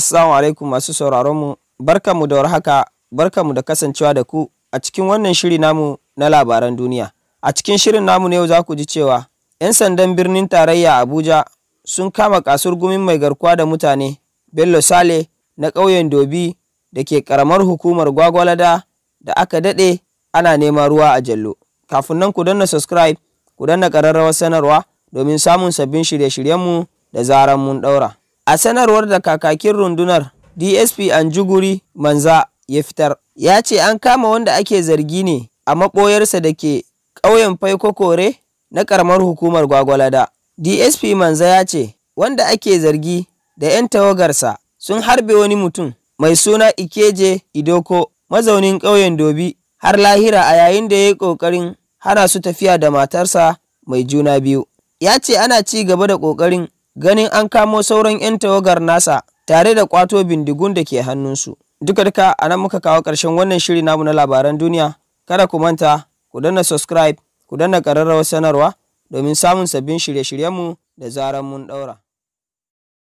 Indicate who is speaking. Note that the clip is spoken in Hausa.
Speaker 1: Assalamu alaikum masu sauraron mu mu da warhaka mu da kasancewa da ku a cikin wannan shiri namu na labaran duniya. A cikin shirin namu ne yau za ku ji cewa 'yan sandan birnin tarayya Abuja sun kama kasur gumin mai garkuwa da mutane Bello Sale na ƙauyen Dobi da ke ƙaramar hukumar Gwagwalada da aka daɗe ana neman ruwa a jallo. Kafin nan ku danna subscribe ku danna ƙararrawar sanarwa domin samun sabbin shirye-shiryenmu da zaran mun ɗaura. a sanarwar da kakakin rundunar dsp anjuguri manza ya fitar ya ce an kama wanda ake zargi ne a maɓoyarsa da ke ƙauyen faikokore na ƙaramar hukumar gwagwalada dsp manza ya ce wanda ake zargi da 'yan tawagarsa sun harbe wani mutum mai suna ikeje idoko mazaunin ƙauyen dobi har lahira a yayin da ya yi ƙoƙarin hana su tafiya da matarsa mai juna biyu ya ce ana ci gaba da ƙoƙarin ganin an kamo sauran 'yan tawagar nasa tare da kwato bindigun da ke hannunsu. Duka duka a nan muka kawo ƙarshen wannan shiri namu na labaran duniya. Kada ku manta, ku danna subscribe, ku danna ƙararrawar sanarwa domin samun sabbin shirye-shiryenmu da zarar mun ɗaura.